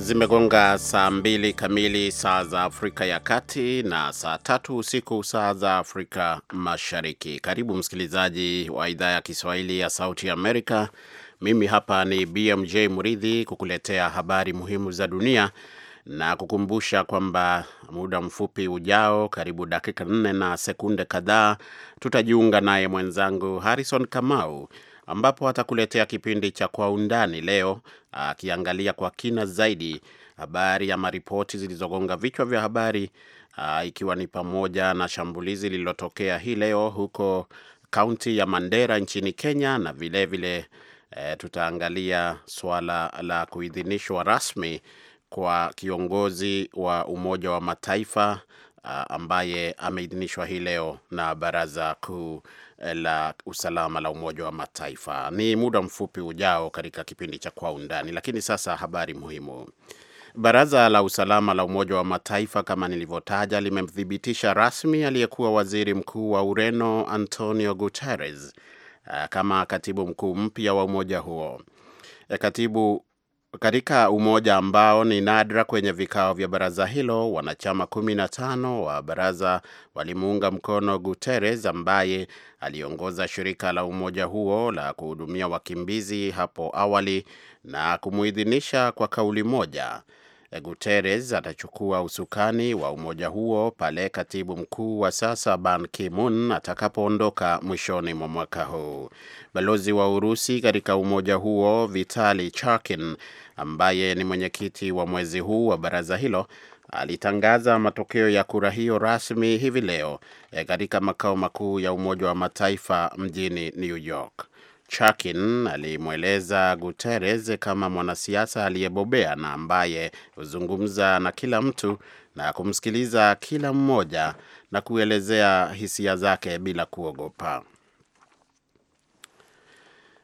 Zimegonga saa mbili kamili saa za Afrika ya Kati na saa tatu usiku saa za Afrika Mashariki. Karibu msikilizaji wa idhaa ya Kiswahili ya Sauti Amerika. Mimi hapa ni BMJ Muridhi kukuletea habari muhimu za dunia na kukumbusha kwamba muda mfupi ujao, karibu dakika nne na sekunde kadhaa, tutajiunga naye mwenzangu Harrison Kamau ambapo atakuletea kipindi cha Kwa Undani leo akiangalia kwa kina zaidi habari ama ripoti zilizogonga vichwa vya habari ikiwa ni pamoja na shambulizi lililotokea hii leo huko kaunti ya Mandera nchini Kenya na vilevile vile, e, tutaangalia suala la kuidhinishwa rasmi kwa kiongozi wa Umoja wa Mataifa ambaye ameidhinishwa hii leo na Baraza Kuu eh, la Usalama la Umoja wa Mataifa. Ni muda mfupi ujao katika kipindi cha Kwa Undani, lakini sasa habari muhimu. Baraza la Usalama la Umoja wa Mataifa, kama nilivyotaja, limemthibitisha rasmi aliyekuwa waziri mkuu wa Ureno Antonio Guterres eh, kama katibu mkuu mpya wa umoja huo. Eh, katibu katika umoja ambao ni nadra kwenye vikao vya baraza hilo, wanachama 15 wa baraza walimuunga mkono Guterres ambaye aliongoza shirika la umoja huo la kuhudumia wakimbizi hapo awali na kumuidhinisha kwa kauli moja. Guterres atachukua usukani wa umoja huo pale katibu mkuu wa sasa Ban Ki-moon atakapoondoka mwishoni mwa mwaka huu. Balozi wa Urusi katika umoja huo Vitali Chakin, ambaye ni mwenyekiti wa mwezi huu wa baraza hilo, alitangaza matokeo ya kura hiyo rasmi hivi leo eh, katika makao makuu ya Umoja wa Mataifa mjini New York. Chakin alimweleza Guterres kama mwanasiasa aliyebobea na ambaye huzungumza na kila mtu na kumsikiliza kila mmoja na kuelezea hisia zake bila kuogopa.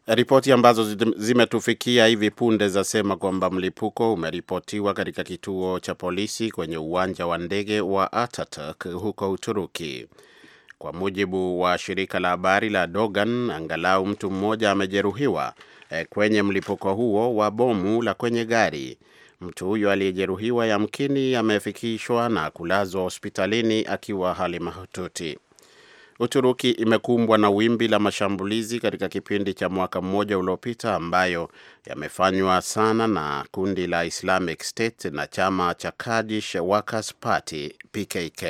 Ripoti ambazo zimetufikia hivi punde zasema kwamba mlipuko umeripotiwa katika kituo cha polisi kwenye uwanja wa ndege wa Ataturk huko Uturuki. Kwa mujibu wa shirika la habari la Dogan, angalau mtu mmoja amejeruhiwa eh, kwenye mlipuko huo wa bomu la kwenye gari. Mtu huyo aliyejeruhiwa yamkini amefikishwa na kulazwa hospitalini akiwa hali mahututi. Uturuki imekumbwa na wimbi la mashambulizi katika kipindi cha mwaka mmoja uliopita ambayo yamefanywa sana na kundi la Islamic State na chama cha Kurdish Workers Party PKK.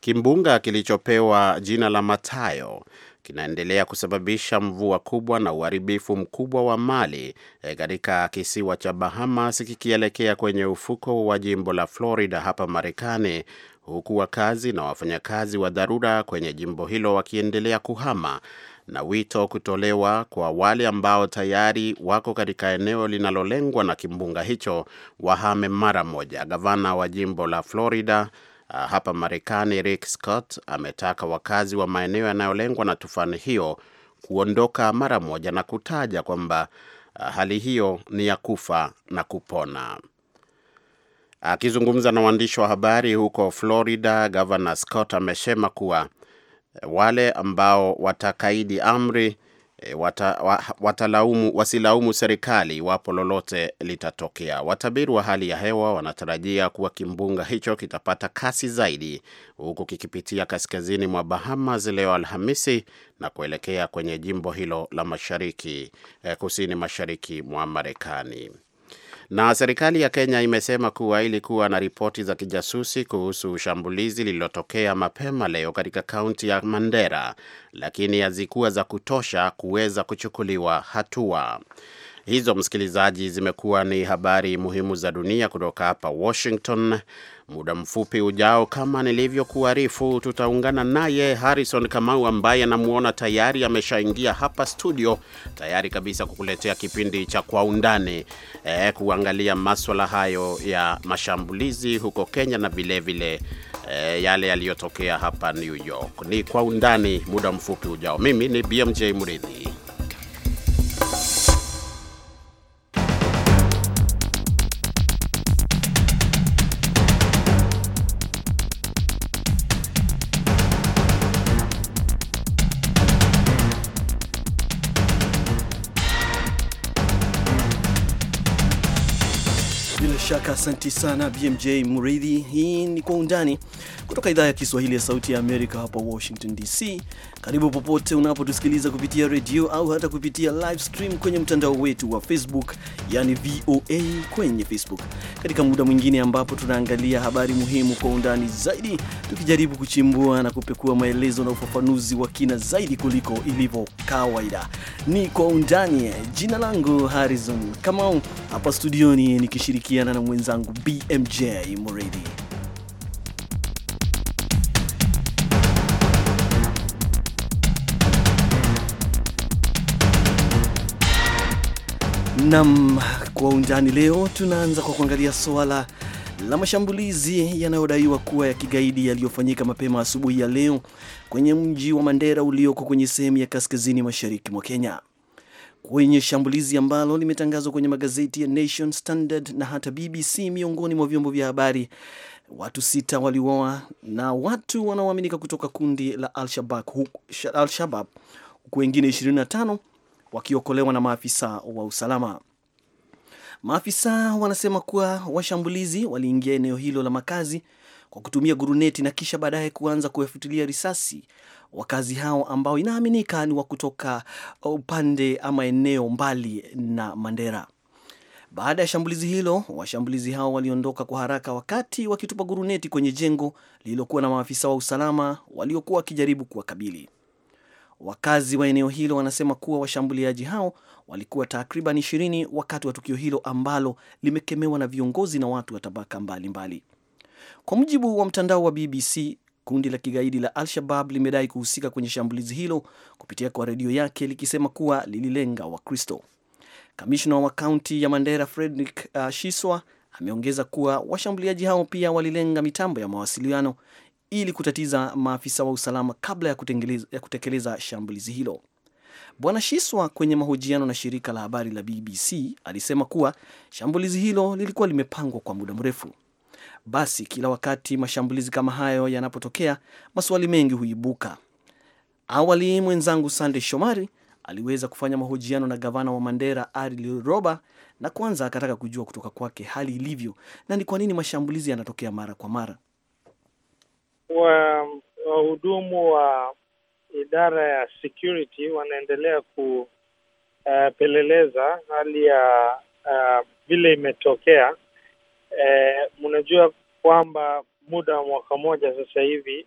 Kimbunga kilichopewa jina la Matayo kinaendelea kusababisha mvua kubwa na uharibifu mkubwa wa mali eh, katika kisiwa cha Bahamas kikielekea kwenye ufuko wa jimbo la Florida hapa Marekani, huku wakazi na wafanyakazi wa dharura kwenye jimbo hilo wakiendelea kuhama na wito kutolewa kwa wale ambao tayari wako katika eneo linalolengwa na kimbunga hicho wahame mara moja. Gavana wa jimbo la Florida Ah, hapa Marekani, Rick Scott ametaka wakazi wa maeneo yanayolengwa na tufani hiyo kuondoka mara moja na kutaja kwamba ah, hali hiyo ni ya kufa na kupona. Akizungumza na waandishi wa habari huko Florida, Gavana Scott amesema kuwa eh, wale ambao watakaidi amri e, wata, wa, watalaumu, wasilaumu serikali iwapo lolote litatokea. Watabiri wa hali ya hewa wanatarajia kuwa kimbunga hicho kitapata kasi zaidi huku kikipitia kaskazini mwa Bahamas leo Alhamisi na kuelekea kwenye jimbo hilo la mashariki e, kusini mashariki mwa Marekani. Na serikali ya Kenya imesema kuwa ilikuwa na ripoti za kijasusi kuhusu shambulizi lililotokea mapema leo katika kaunti ya Mandera, lakini hazikuwa za kutosha kuweza kuchukuliwa hatua. Hizo msikilizaji, zimekuwa ni habari muhimu za dunia kutoka hapa Washington. Muda mfupi ujao, kama nilivyokuarifu, tutaungana naye Harrison Kamau ambaye anamwona tayari ameshaingia hapa studio tayari kabisa kukuletea kipindi cha Kwa Undani e, kuangalia maswala hayo ya mashambulizi huko Kenya na vilevile e, eh, yale yaliyotokea hapa New York. Ni Kwa Undani muda mfupi ujao. Mimi ni BMJ Mridhi. Asanti sana BMJ Muridhi. Hii ni Kwa Undani kutoka idhaa ya Kiswahili ya Sauti ya Amerika hapa Washington DC. Karibu popote unapotusikiliza kupitia redio au hata kupitia live stream kwenye mtandao wetu wa Facebook, yani VOA kwenye Facebook, katika muda mwingine ambapo tunaangalia habari muhimu kwa undani zaidi, tukijaribu kuchimbua na kupekua maelezo na ufafanuzi wa kina zaidi kuliko ilivyo kawaida. Ni Kwa Undani. Jina langu Harrison Kamau, hapa studioni nikishirikiana na mwenzi mwenzangu BMJ Muridhi. Nam, kwa undani leo tunaanza kwa kuangalia suala la mashambulizi yanayodaiwa kuwa ya kigaidi yaliyofanyika mapema asubuhi ya leo kwenye mji wa Mandera ulioko kwenye sehemu ya kaskazini mashariki mwa Kenya kwenye shambulizi ambalo limetangazwa kwenye magazeti ya Nation, Standard na hata BBC miongoni mwa vyombo vya habari. Watu sita waliuawa na watu wanaoaminika kutoka kundi la Al-Shabab huku wengine 25 wakiokolewa na maafisa wa usalama. Maafisa wanasema kuwa washambulizi waliingia eneo hilo la makazi kwa kutumia guruneti na kisha baadaye kuanza kuwafutilia risasi wakazi hao ambao inaaminika ni wa kutoka uh, upande ama eneo mbali na Mandera. Baada ya shambulizi hilo, washambulizi hao waliondoka kwa haraka wakati wakitupa guruneti kwenye jengo lililokuwa na maafisa wa usalama waliokuwa wakijaribu kuwakabili. Wakazi wa eneo hilo wanasema kuwa washambuliaji hao walikuwa takriban ishirini wakati wa tukio hilo ambalo limekemewa na viongozi na watu wa tabaka mbalimbali. Kwa mujibu wa mtandao wa BBC, kundi la kigaidi la Al-Shabab limedai kuhusika kwenye shambulizi hilo kupitia kwa redio yake likisema kuwa lililenga Wakristo. Kamishna wa kaunti ya Mandera Frederick uh, Shiswa ameongeza kuwa washambuliaji hao pia walilenga mitambo ya mawasiliano ili kutatiza maafisa wa usalama kabla ya kutekeleza shambulizi hilo. Bwana Shiswa kwenye mahojiano na shirika la habari la BBC alisema kuwa shambulizi hilo lilikuwa limepangwa kwa muda mrefu. Basi kila wakati mashambulizi kama hayo yanapotokea, maswali mengi huibuka. Awali mwenzangu Sande Shomari aliweza kufanya mahojiano na gavana wa Mandera Aril roba na kwanza akataka kujua kutoka kwake hali ilivyo na ni kwa nini mashambulizi yanatokea mara kwa mara. Wahudumu wa, wa idara ya security wanaendelea kupeleleza eh, hali ya eh, vile uh, imetokea. Eh, Mnajua kwamba muda wa mwaka mmoja sasa hivi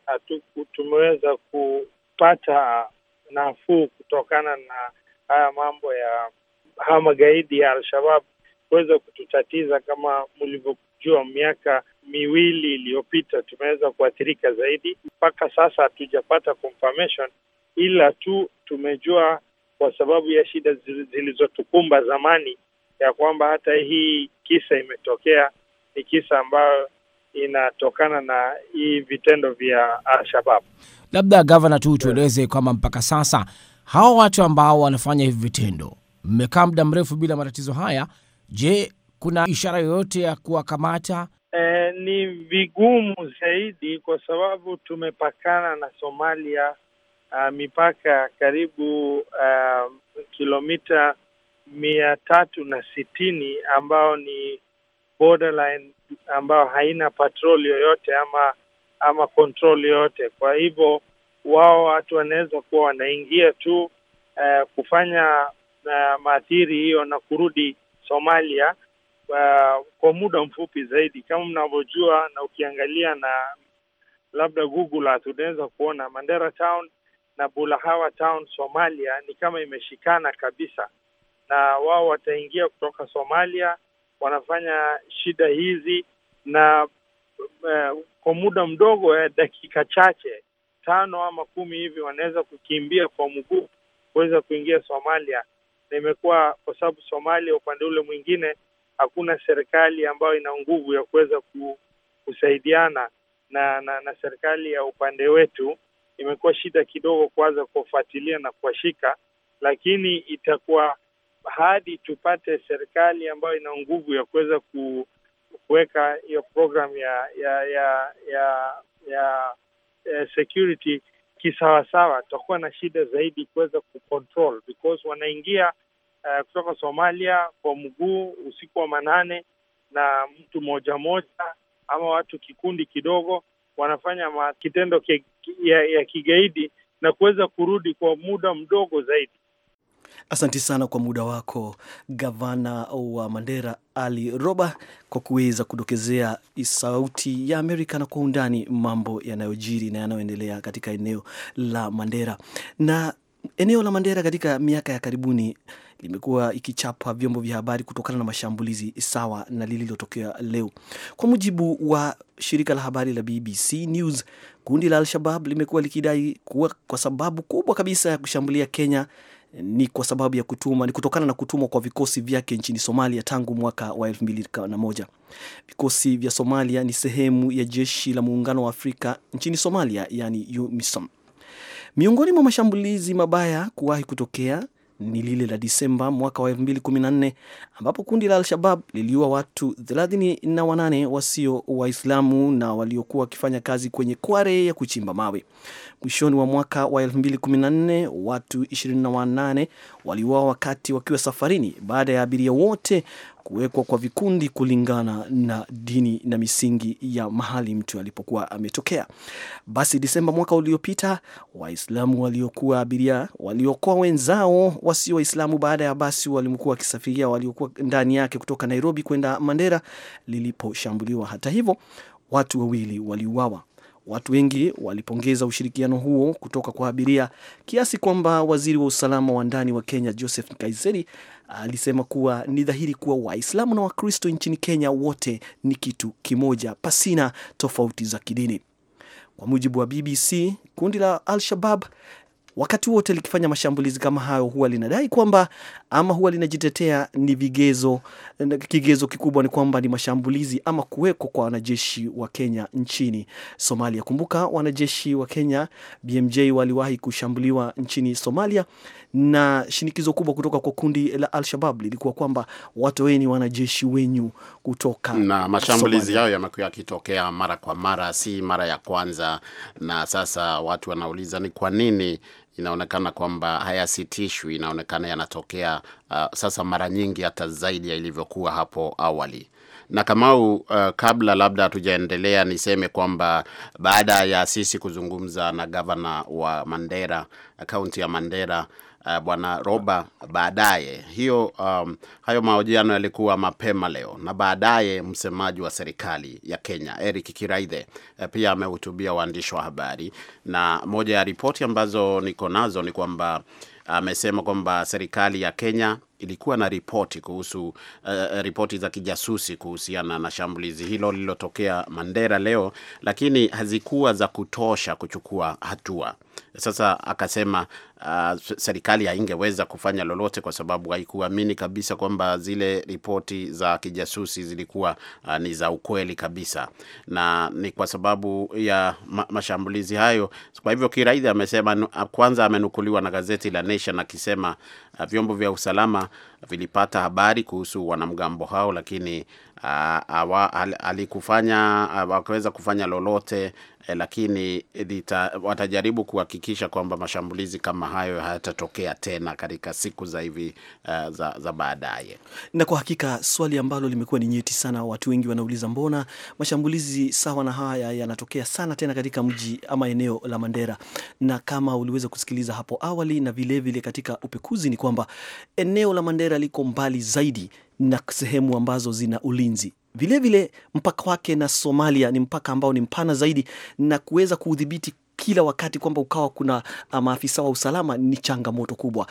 tumeweza kupata nafuu kutokana na haya mambo ya haya magaidi ya Alshabab kuweza kututatiza. Kama mlivyojua, miaka miwili iliyopita tumeweza kuathirika zaidi. Mpaka sasa hatujapata confirmation, ila tu tumejua kwa sababu ya shida zilizotukumba zamani ya kwamba hata hii kisa imetokea, ni kisa ambayo inatokana na hii vitendo vya Alshabab. Labda gavana tu tueleze kwamba mpaka sasa hawa watu ambao wanafanya hivi vitendo, mmekaa muda mrefu bila matatizo haya. Je, kuna ishara yoyote ya kuwakamata? E, ni vigumu zaidi kwa sababu tumepakana na Somalia, a, mipaka karibu kilomita mia tatu na sitini ambao ni borderline ambayo haina patrol yoyote ama ama control yoyote. Kwa hivyo wao watu wanaweza kuwa wanaingia tu eh, kufanya eh, maathiri hiyo na kurudi Somalia eh, kwa muda mfupi zaidi, kama mnavyojua, na ukiangalia na labda Google Earth unaweza kuona Mandera Town na Bulahawa Town Somalia ni kama imeshikana kabisa, na wao wataingia kutoka Somalia wanafanya shida hizi na eh, kwa muda mdogo ya eh, dakika chache tano ama kumi hivi wanaweza kukimbia kwa mguu kuweza kuingia Somalia, na imekuwa kwa sababu Somalia upande ule mwingine hakuna serikali ambayo ina nguvu ya kuweza kusaidiana na, na na serikali ya upande wetu, imekuwa shida kidogo kuanza kufuatilia na kuwashika, lakini itakuwa hadi tupate serikali ambayo ina nguvu ya kuweza kuweka hiyo programu ya ya ya ya, ya, ya security kisawasawa, tutakuwa na shida zaidi kuweza kucontrol because wanaingia uh, kutoka Somalia kwa mguu usiku wa manane, na mtu moja moja ama watu kikundi kidogo wanafanya kitendo ya, ya kigaidi na kuweza kurudi kwa muda mdogo zaidi. Asanti sana kwa muda wako gavana wa Mandera Ali Roba kwa kuweza kudokezea Sauti ya Amerika na kwa undani mambo yanayojiri na yanayoendelea katika eneo la Mandera. Na eneo la Mandera katika miaka ya karibuni limekuwa ikichapa vyombo vya habari kutokana na mashambulizi sawa na lililotokea leo. Kwa mujibu wa shirika la habari la BBC News, kundi la Al-Shabab limekuwa likidai kuwa kwa sababu kubwa kabisa ya kushambulia Kenya ni kwa sababu ya kutuma, ni kutokana na kutumwa kwa vikosi vyake nchini Somalia tangu mwaka wa 2001. Vikosi vya Somalia ni sehemu ya jeshi la muungano wa Afrika nchini Somalia, yani UMISOM. Miongoni mwa mashambulizi mabaya kuwahi kutokea ni lile la Disemba mwaka wa 2014 ambapo kundi la Al-Shabab liliua watu 38 wasio Waislamu na waliokuwa wakifanya kazi kwenye kware ya kuchimba mawe. Mwishoni wa mwaka wa 2014 watu 28 waliuawa wakati wakiwa safarini baada ya abiria wote kuwekwa kwa vikundi kulingana na dini na misingi ya mahali mtu alipokuwa ametokea. Basi Desemba mwaka uliopita, Waislamu waliokuwa abiria waliokoa wenzao wasio Waislamu baada ya basi walimkuwa wakisafiria waliokuwa ndani yake kutoka Nairobi kwenda Mandera liliposhambuliwa. Hata hivyo, watu wawili waliuawa. Watu wengi walipongeza ushirikiano huo kutoka kwa abiria kiasi kwamba waziri wa usalama wa ndani wa Kenya Joseph Nkaiseri alisema kuwa ni dhahiri kuwa Waislamu na Wakristo nchini Kenya wote ni kitu kimoja pasina tofauti za kidini. Kwa mujibu wa BBC, kundi la Al-Shabab Wakati wote likifanya mashambulizi kama hayo, huwa linadai kwamba ama huwa linajitetea, ni vigezo, kigezo kikubwa ni kwamba ni mashambulizi ama kuweko kwa wanajeshi wa Kenya nchini Somalia. Kumbuka wanajeshi wa Kenya BMJ waliwahi kushambuliwa nchini Somalia, na shinikizo kubwa kutoka kwa kundi la Al-Shabab lilikuwa kwamba ni wanajeshi wenyu kutoka na mashambulizi hayo yamekuwa yakitokea mara kwa mara, si mara ya kwanza, na sasa watu wanauliza ni kwa nini inaonekana kwamba hayasitishwi, inaonekana yanatokea uh, sasa mara nyingi hata zaidi ya ilivyokuwa hapo awali na Kamau, uh, kabla labda hatujaendelea niseme kwamba baada ya sisi kuzungumza na gavana wa Mandera, uh, kaunti ya Mandera uh, bwana Roba baadaye. Hiyo um, hayo mahojiano yalikuwa mapema leo, na baadaye msemaji wa serikali ya Kenya Eric Kiraithe uh, pia amehutubia waandishi wa habari, na moja ya ripoti ambazo niko nazo ni kwamba amesema kwamba serikali ya Kenya ilikuwa na ripoti kuhusu uh, ripoti za kijasusi kuhusiana na shambulizi hilo lililotokea Mandera leo, lakini hazikuwa za kutosha kuchukua hatua. Sasa akasema uh, serikali haingeweza kufanya lolote kwa sababu haikuamini kabisa kwamba zile ripoti za kijasusi zilikuwa uh, ni za ukweli kabisa, na ni kwa sababu ya ma mashambulizi hayo. Kwa hivyo Kiraidhi amesema, kwanza amenukuliwa na gazeti la Nation akisema vyombo vya usalama vilipata habari kuhusu wanamgambo hao, lakini Ah, alikufanya ah, wakaweza kufanya lolote eh, lakini eh, dita, watajaribu kuhakikisha kwamba mashambulizi kama hayo hayatatokea tena katika siku za hivi uh, za, za baadaye. Na kwa hakika swali ambalo limekuwa ni nyeti sana, watu wengi wanauliza mbona mashambulizi sawa na haya yanatokea sana tena katika mji ama eneo la Mandera, na kama uliweza kusikiliza hapo awali na vilevile vile katika upekuzi ni kwamba eneo la Mandera liko mbali zaidi na sehemu ambazo zina ulinzi. Vilevile mpaka wake na Somalia ni mpaka ambao ni mpana zaidi, na kuweza kuudhibiti kila wakati kwamba ukawa kuna ah, maafisa wa usalama ni changamoto kubwa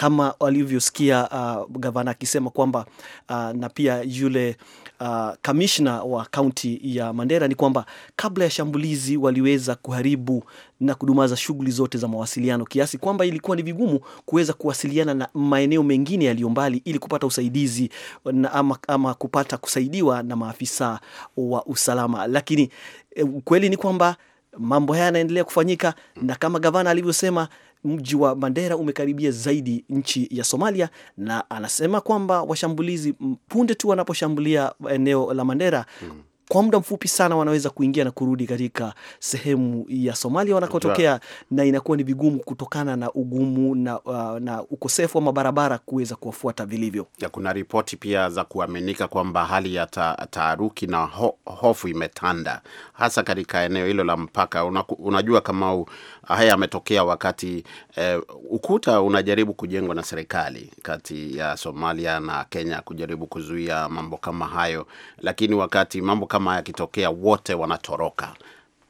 kama walivyosikia uh, gavana akisema kwamba uh, na pia yule uh, kamishna uh, wa kaunti ya Mandera ni kwamba kabla ya shambulizi waliweza kuharibu na kudumaza shughuli zote za mawasiliano kiasi kwamba ilikuwa ni vigumu kuweza kuwasiliana na maeneo mengine yaliyo mbali ili kupata usaidizi na ama, ama kupata kusaidiwa na maafisa wa usalama. Lakini eh, ukweli ni kwamba mambo haya yanaendelea kufanyika na kama gavana alivyosema mji wa Mandera umekaribia zaidi nchi ya Somalia, na anasema kwamba washambulizi punde tu wanaposhambulia eneo la Mandera mm kwa muda mfupi sana wanaweza kuingia na kurudi katika sehemu ya Somalia wanakotokea, na inakuwa ni vigumu kutokana na ugumu na, uh, na ukosefu wa mabarabara kuweza kuwafuata vilivyo. Ya kuna ripoti pia za kuaminika kwamba hali ya ta, taharuki na ho, hofu imetanda hasa katika eneo hilo la mpaka. Una, unajua kama u, haya yametokea wakati eh, ukuta unajaribu kujengwa na serikali kati ya Somalia na Kenya kujaribu kuzuia mambo kama hayo, lakini wakati mambo kama kama yakitokea wote wanatoroka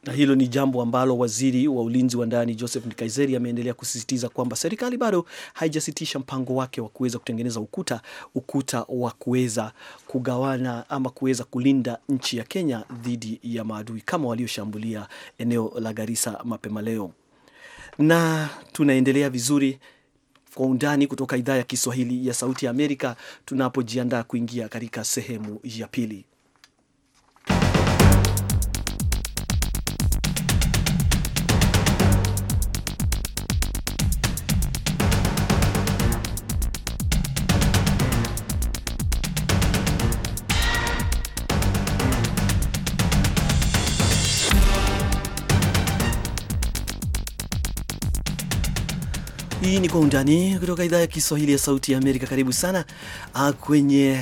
na hilo ni jambo ambalo waziri wa ulinzi wa ndani Joseph Nkaiseri ameendelea kusisitiza kwamba serikali bado haijasitisha mpango wake wa kuweza kutengeneza ukuta ukuta wa kuweza kugawana ama kuweza kulinda nchi ya Kenya dhidi ya maadui kama walioshambulia eneo la Garissa mapema leo. Na tunaendelea vizuri kwa undani kutoka idhaa ya Kiswahili ya Sauti ya Amerika tunapojiandaa kuingia katika sehemu ya pili. Hii ni Kwa Undani kutoka idhaa ya Kiswahili ya Sauti ya Amerika. Karibu sana ah, kwenye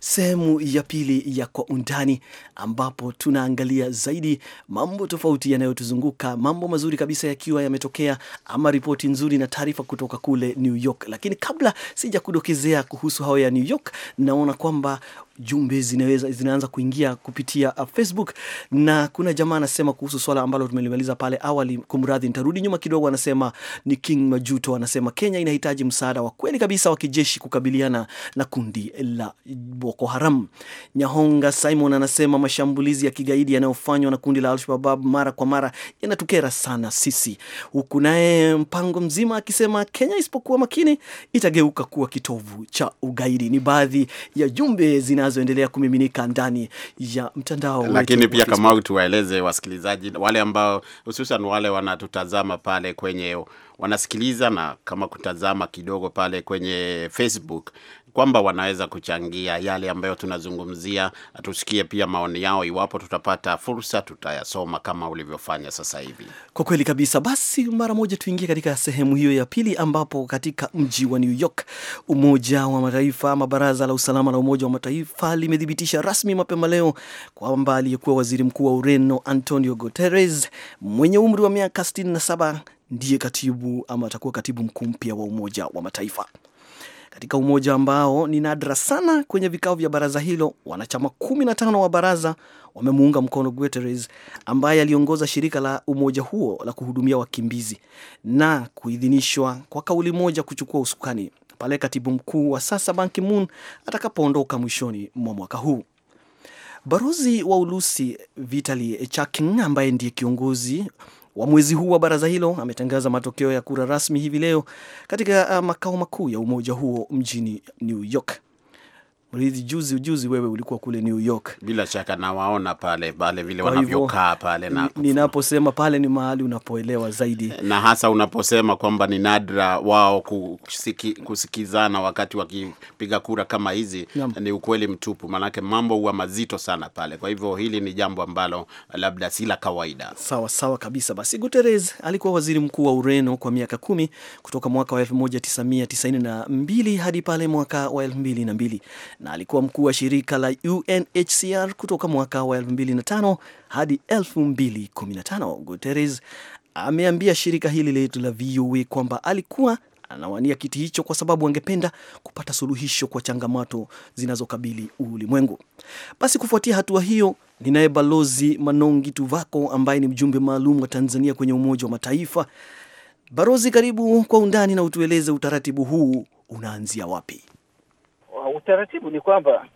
sehemu ya pili ya Kwa Undani, ambapo tunaangalia zaidi mambo tofauti yanayotuzunguka, mambo mazuri kabisa yakiwa yametokea, ama ripoti nzuri na taarifa kutoka kule New York. Lakini kabla sija kudokezea kuhusu hao ya New York, naona kwamba jumbe zinaweza zinaanza kuingia kupitia uh, Facebook, na kuna jamaa anasema kuhusu swala ambalo tumelimaliza pale awali. Kumradhi, nitarudi nyuma kidogo. Anasema ni King Majuto, anasema Kenya inahitaji msaada wa kweli kabisa wa kijeshi kukabiliana na kundi la Boko Haram. Nyahonga Simon anasema mashambulizi ya kigaidi yanayofanywa na kundi la al mara kwa mara yanatukera sana sisi, huku naye mpango mzima akisema Kenya isipokuwa makini itageuka kuwa kitovu cha ugaidi. Ni baadhi ya jumbe zina zinazoendelea kumiminika ndani ya mtandao. Lakini pia kama tuwaeleze wasikilizaji wale ambao hususan wale wanatutazama pale kwenye wanasikiliza na kama kutazama kidogo pale kwenye Facebook kwamba wanaweza kuchangia yale ambayo tunazungumzia. Tusikie pia maoni yao, iwapo tutapata fursa tutayasoma kama ulivyofanya sasa hivi. Kwa kweli kabisa. Basi mara moja tuingie katika sehemu hiyo ya pili, ambapo katika mji wa New York Umoja wa Mataifa ama Baraza la Usalama la Umoja wa Mataifa limethibitisha rasmi mapema leo kwamba aliyekuwa waziri mkuu wa Ureno Antonio Guterres mwenye umri wa miaka 67 ndiye katibu ama atakuwa katibu mkuu mpya wa Umoja wa Mataifa katika umoja ambao ni nadra sana kwenye vikao vya baraza hilo. Wanachama 15 wa baraza wamemuunga mkono Guterres ambaye aliongoza shirika la umoja huo la kuhudumia wakimbizi na kuidhinishwa kwa kauli moja kuchukua usukani pale katibu mkuu wa sasa Ban Ki-moon atakapoondoka mwishoni mwa mwaka huu. Balozi wa Urusi Vitali Chakin ambaye ndiye kiongozi wa mwezi huu wa baraza hilo ametangaza matokeo ya kura rasmi hivi leo katika uh, makao makuu ya umoja huo mjini New York. Mrithi, juzi juzi wewe ulikuwa kule New York, bila shaka nawaona pale pale vile wanavyokaa pale, na ninaposema pale ni mahali unapoelewa zaidi, na hasa unaposema kwamba ni nadra wao kusiki, kusikizana wakati wakipiga kura kama hizi Yam. Ni ukweli mtupu, maanake mambo huwa mazito sana pale. Kwa hivyo hili ni jambo ambalo labda si la kawaida. Sawa sawa kabisa. Basi Guterres alikuwa waziri mkuu wa Ureno kwa miaka kumi kutoka mwaka wa 1992 hadi pale mwaka wa 2002 na alikuwa mkuu wa shirika la UNHCR kutoka mwaka wa 2005 hadi 2015. Guterres ameambia shirika hili letu la VOA kwamba alikuwa anawania kiti hicho kwa sababu angependa kupata suluhisho kwa changamoto zinazokabili ulimwengu. Basi kufuatia hatua hiyo, ninaye Balozi Manongi Tuvako ambaye ni mjumbe maalum wa Tanzania kwenye Umoja wa Mataifa. Barozi, karibu kwa undani na utueleze utaratibu huu unaanzia wapi? utaratibu ni kwamba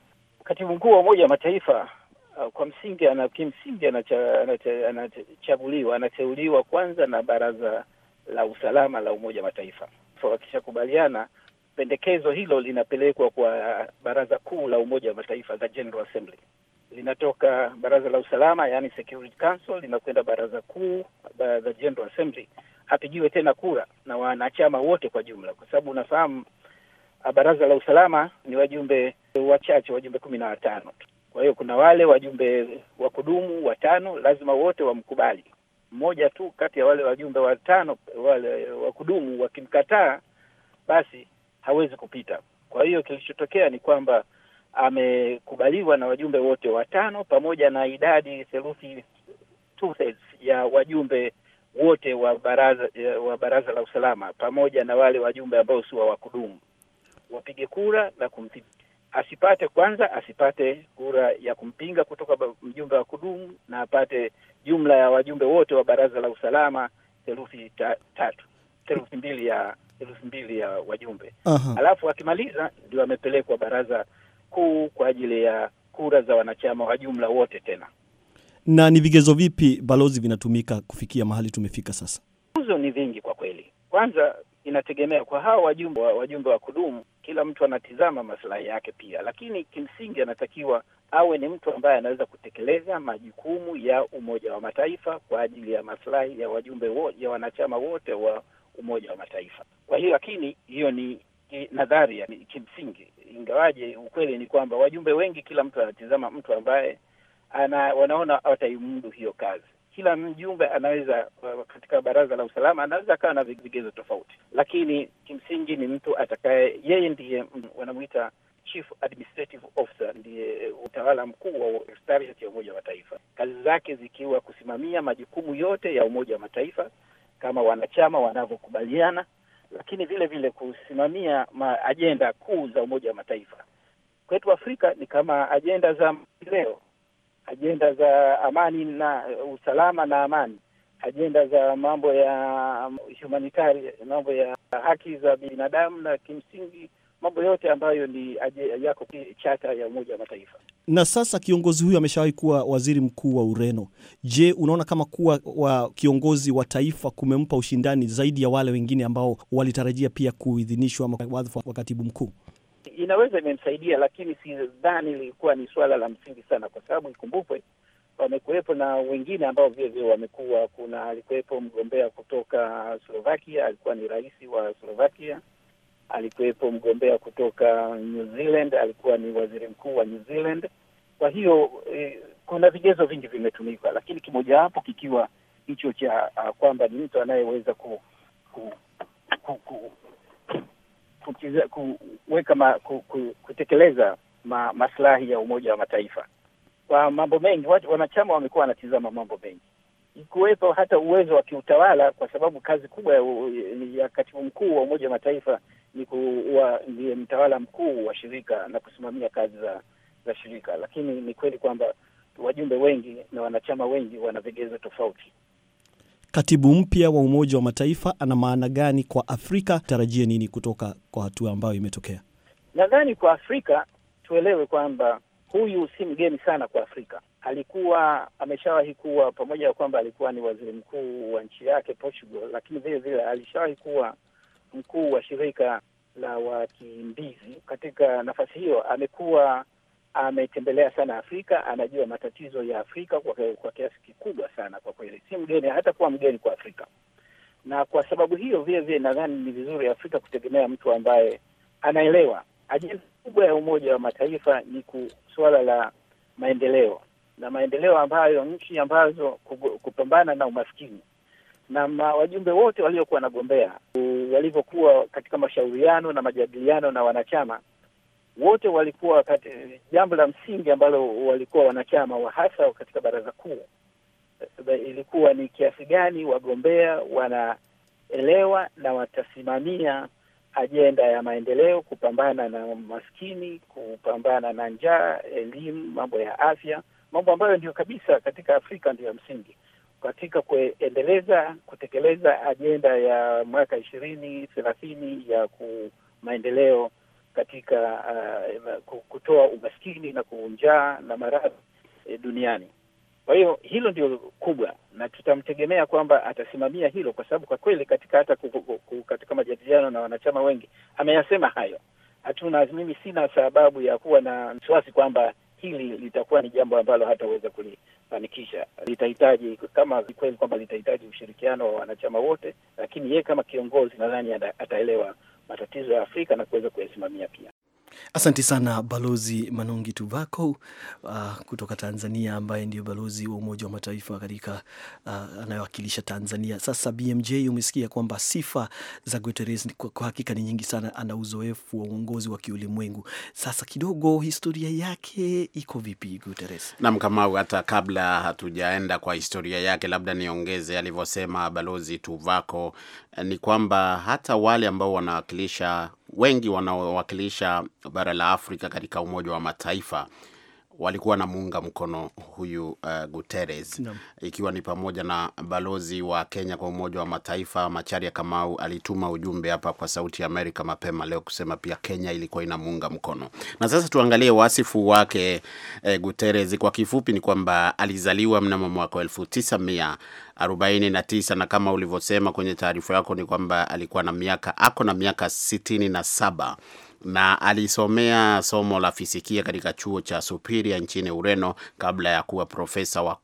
katibu mkuu wa Umoja wa Mataifa uh, kwa msingi ana kimsingi anachaguliwa anateuliwa kwanza na Baraza la Usalama la Umoja wa Mataifa. So akishakubaliana pendekezo hilo linapelekwa kwa Baraza Kuu la Umoja wa Mataifa, the General Assembly. Linatoka Baraza la Usalama, yani Security Council, linakwenda Baraza Kuu, the General Assembly, apigiwe tena kura na wanachama wote kwa jumla, kwa sababu unafahamu Ah, baraza la usalama ni wajumbe wachache, wajumbe kumi na watano tu. Kwa hiyo kuna wale wajumbe wa kudumu watano, lazima wote wamkubali. Mmoja tu kati ya wale wajumbe watano wale wa kudumu wakimkataa, basi hawezi kupita. Kwa hiyo kilichotokea ni kwamba amekubaliwa na wajumbe wote watano pamoja na idadi theluthi ya wajumbe wote wa baraza wa baraza la usalama pamoja na wale wajumbe ambao si wa kudumu wapige kura na kumpiga asipate kwanza, asipate kura ya kumpinga kutoka mjumbe wa kudumu na apate jumla ya wajumbe wote wa baraza la usalama theluthi ta, tatu theluthi mbili ya theluthi mbili ya wajumbe uh-huh. Alafu akimaliza ndio amepelekwa baraza kuu kwa ajili ya kura za wanachama wa jumla wote tena. Na ni vigezo vipi balozi vinatumika kufikia mahali tumefika sasa? Vigezo ni vingi kwa kweli. Kwanza inategemea kwa hao wajumbe wa, wajumbe wa kudumu kila mtu anatizama maslahi yake pia, lakini kimsingi anatakiwa awe ni mtu ambaye anaweza kutekeleza majukumu ya Umoja wa Mataifa kwa ajili ya maslahi ya wajumbe wo, ya wanachama wote wa Umoja wa Mataifa. Kwa hiyo, lakini hiyo ni nadharia kimsingi, ingawaje ukweli ni kwamba wajumbe wengi, kila mtu anatizama mtu ambaye ana, wanaona wataimudu hiyo kazi kila mjumbe anaweza uh, katika baraza la usalama anaweza akawa na vigezo tofauti, lakini kimsingi ni mtu atakaye yeye ndiye mm, wanamwita Chief Administrative Officer, ndiye uh, utawala mkuu wa sekretariat ya Umoja wa Mataifa, kazi zake zikiwa kusimamia majukumu yote ya Umoja wa Mataifa kama wanachama wanavyokubaliana, lakini vile vile kusimamia ajenda kuu za Umoja wa Mataifa. Kwetu Afrika ni kama ajenda za leo ajenda za amani na usalama na amani, ajenda za mambo ya humanitari, mambo ya haki za binadamu na kimsingi mambo yote ambayo ni yako chata ya Umoja wa Mataifa. Na sasa kiongozi huyu ameshawahi kuwa waziri mkuu wa Ureno. Je, unaona kama kuwa wa kiongozi wa taifa kumempa ushindani zaidi ya wale wengine ambao walitarajia pia kuidhinishwa wadhifa wa katibu mkuu? inaweza imemsaidia, lakini sidhani lilikuwa ni suala la msingi sana, kwa sababu ikumbukwe wamekuwepo na wengine ambao vile vile wamekuwa kuna, alikuwepo mgombea kutoka Slovakia, alikuwa ni rais wa Slovakia. Alikuwepo mgombea kutoka New Zealand, alikuwa ni waziri mkuu wa New Zealand. Kwa hiyo eh, kuna vigezo vingi vimetumika, lakini kimojawapo kikiwa hicho cha uh, kwamba ni mtu anayeweza ku, ku, ku, ku, kutiza, kuweka ma, ku, ku, kutekeleza ma, maslahi ya Umoja wa Mataifa kwa mambo mengi. Watu, wanachama wamekuwa wanatizama mambo mengi ikuwepo hata uwezo wa kiutawala, kwa sababu kazi kubwa ya, ya katibu mkuu wa Umoja wa Mataifa ni kuwa ndiye mtawala mkuu wa shirika na kusimamia kazi za za shirika, lakini ni kweli kwamba wajumbe wengi na wanachama wengi wana vigezo tofauti katibu mpya wa Umoja wa Mataifa ana maana gani kwa Afrika? Tarajie nini kutoka kwa hatua ambayo imetokea? Nadhani kwa Afrika tuelewe kwamba huyu si mgeni sana kwa Afrika. Alikuwa ameshawahi kuwa, pamoja na kwamba alikuwa ni waziri mkuu wa nchi yake Portugal, lakini vile vile alishawahi kuwa mkuu wa shirika la wakimbizi. Katika nafasi hiyo amekuwa ametembelea sana Afrika, anajua matatizo ya Afrika kwa, kwa kiasi kikubwa sana. Kwa kweli si mgeni, hata kuwa mgeni kwa Afrika, na kwa sababu hiyo vile vile nadhani ni vizuri Afrika kutegemea mtu ambaye anaelewa. Ajenda kubwa ya Umoja wa Mataifa ni suala la maendeleo na maendeleo ambayo nchi ambazo kupambana na umaskini na ma, wajumbe wote waliokuwa wanagombea walivyokuwa katika mashauriano na majadiliano na wanachama wote walikuwa kati, jambo la msingi ambalo walikuwa wanachama wa hasa katika baraza kuu e, ilikuwa ni kiasi gani wagombea wanaelewa na watasimamia ajenda ya maendeleo, kupambana na maskini, kupambana na njaa, elimu, mambo ya afya, mambo ambayo ndio kabisa katika Afrika ndio ya msingi katika kuendeleza kutekeleza ajenda ya mwaka ishirini thelathini ya ku maendeleo katika uh, kutoa umaskini na kunjaa na maradhi eh, duniani. Kwa hiyo hilo ndio kubwa, na tutamtegemea kwamba atasimamia hilo, kwa sababu kwa kweli katika hata katika majadiliano na wanachama wengi ameyasema hayo. Hatuna, mimi sina sababu ya kuwa na wasiwasi kwamba hili litakuwa ni jambo ambalo hataweza kulifanikisha. Litahitaji kama kweli kwamba litahitaji ushirikiano wa wanachama wote, lakini yeye kama kiongozi nadhani ataelewa matatizo ya Afrika na kuweza kuyasimamia pia. Asante sana Balozi Manungi Tuvako uh, kutoka Tanzania, ambaye ndio balozi wa Umoja wa Mataifa katika uh, anayowakilisha Tanzania. Sasa BMJ, umesikia kwamba sifa za Guterres kwa hakika ni nyingi sana, ana uzoefu wa uongozi wa kiulimwengu. Sasa kidogo historia yake iko vipi Guterres? Naam, kama hata kabla hatujaenda kwa historia yake, labda niongeze alivyosema Balozi Tuvako eh, ni kwamba hata wale ambao wanawakilisha wengi wanaowakilisha bara la Afrika katika Umoja wa Mataifa walikuwa muunga mkono huyu uh, Guterres no. Ikiwa ni pamoja na balozi wa Kenya kwa Umoja wa Mataifa Macharia Kamau alituma ujumbe hapa kwa Sauti ya Amerika mapema leo kusema pia Kenya ilikuwa inamuunga mkono. Na sasa tuangalie wasifu wake eh, Guterres kwa kifupi ni kwamba alizaliwa mnamo mwaka 1949 na kama ulivyosema kwenye taarifa yako ni kwamba alikuwa na miaka ako na miaka sitini na saba na alisomea somo la fisikia katika chuo cha Superior nchini Ureno kabla ya kuwa profesa wa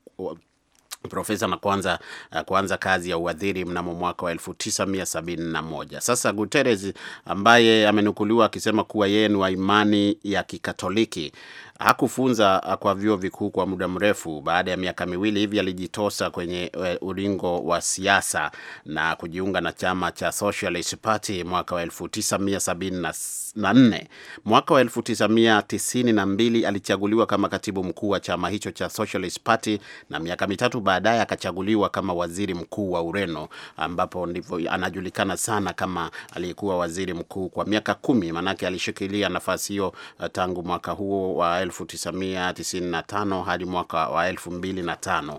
profesa na kwanza eh, kuanza kazi ya uadhiri mnamo mwaka wa 1971. Sasa Guterres ambaye amenukuliwa akisema kuwa yeye ni wa imani ya Kikatoliki hakufunza uh, kwa vyuo vikuu kwa muda mrefu. Baada ya miaka miwili hivi alijitosa kwenye uh, ulingo wa siasa na kujiunga na chama cha Socialist Party mwaka wa 1974. Mwaka wa 1992 alichaguliwa kama katibu mkuu wa chama hicho cha Socialist Party na miaka mitatu baadaye akachaguliwa kama waziri mkuu wa Ureno, ambapo ndivyo anajulikana sana kama aliyekuwa waziri mkuu kwa miaka kumi, manake alishikilia nafasi hiyo uh, tangu mwaka huo wa 1995 hadi mwaka wa 2005.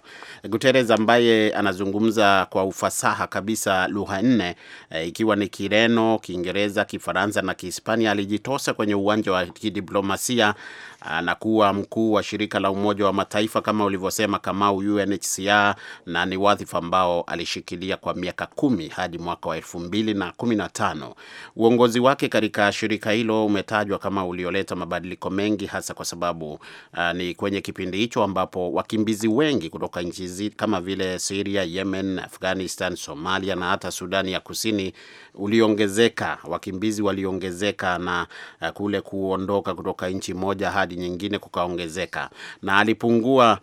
Guterres ambaye anazungumza kwa ufasaha kabisa lugha nne e, ikiwa ni Kireno, Kiingereza, Kifaransa na Kihispania alijitosa kwenye uwanja wa kidiplomasia anakuwa mkuu wa shirika la Umoja wa Mataifa kama ulivyosema, Kamau, UNHCR, na ni wadhifa ambao alishikilia kwa miaka kumi hadi mwaka wa elfu mbili na kumi na tano. Uongozi wake katika shirika hilo umetajwa kama ulioleta mabadiliko mengi, hasa kwa sababu uh, ni kwenye kipindi hicho ambapo wakimbizi wengi kutoka nchi kama vile Siria, Yemen, Afghanistan, Somalia na hata Sudani ya Kusini uliongezeka, wakimbizi waliongezeka na uh, kule kuondoka kutoka nchi moja hadi hali nyingine kukaongezeka na alipungua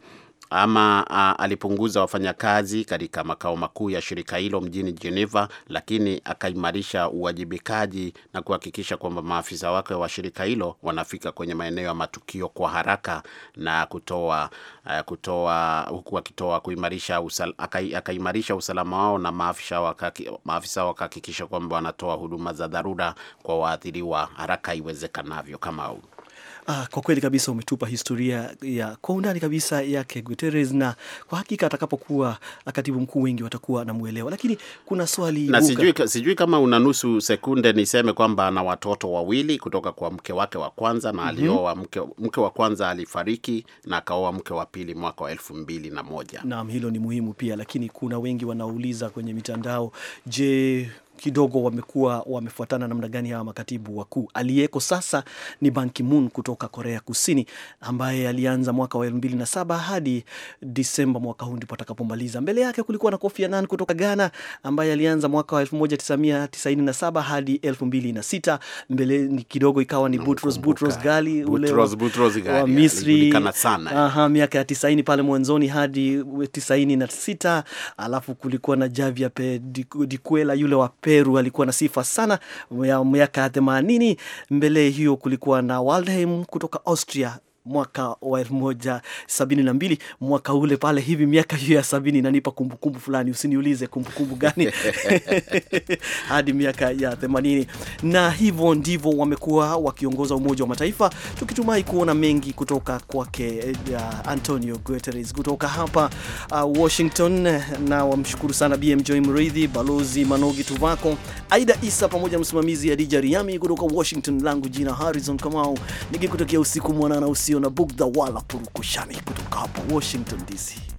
ama a, alipunguza wafanyakazi katika makao makuu ya shirika hilo mjini Geneva, lakini akaimarisha uwajibikaji na kuhakikisha kwamba maafisa wake wa shirika hilo wanafika kwenye maeneo ya matukio kwa haraka na kutoa kutoa huku akitoa kuimarisha usal, akaimarisha usalama wao na maafisa wakahakikisha kwamba wanatoa huduma za dharura kwa waathiriwa haraka iwezekanavyo kama u. Ah, kwa kweli kabisa umetupa historia ya kwa undani kabisa yake Guterres, na kwa hakika atakapokuwa katibu mkuu wengi watakuwa namuelewa, lakini kuna swali na sijui, sijui kama una nusu sekunde niseme kwamba ana watoto wawili kutoka kwa mke wake wa kwanza na mhm. alioa mm -hmm. Mke, mke wa kwanza alifariki na akaoa mke wa pili mwaka wa elfu mbili na moja. Naam, hilo ni muhimu pia, lakini kuna wengi wanauliza kwenye mitandao, je kidogo wamekuwa wamefuatana namna gani hawa makatibu wakuu. Aliyeko sasa ni Ban Ki-moon kutoka Korea Kusini ambaye alianza mwaka wa saba hadi Disemba mwaka huu ndipo atakapomaliza. Mbele yake kulikuwa na Kofi Annan kutoka Ghana ambaye alianza mwaka wa 1997 hadi na sita Mbele ni kidogo ikawa ni Boutros Boutros Ghali ule wa Misri, aha, miaka ya 90 pale mwanzoni hadi 96, alafu kulikuwa na Javier Pedicuela yule wa Peru alikuwa na sifa sana ya miaka ya 80. Mbele hiyo kulikuwa na Waldheim kutoka Austria mwaka wa elfu moja sabini na mbili mwaka ule pale hivi, miaka hiyo ya sabini inanipa kumbukumbu fulani, usiniulize kumbukumbu gani hadi miaka ya themanini. Na hivyo ndivyo wamekuwa wakiongoza Umoja wa Mataifa, tukitumai kuona mengi kutoka kwake uh, Antonio Guterres. Kutoka hapa uh, Washington, na wamshukuru sana BMJ Mridhi, Balozi Manogi Tuvako, Aida Isa pamoja na msimamizi Adija Riami kutoka Washington. Langu jina Harrison Kamau nikikutakia usiku mwanana usio na the wala purukushani kutoka hapa Washington DC.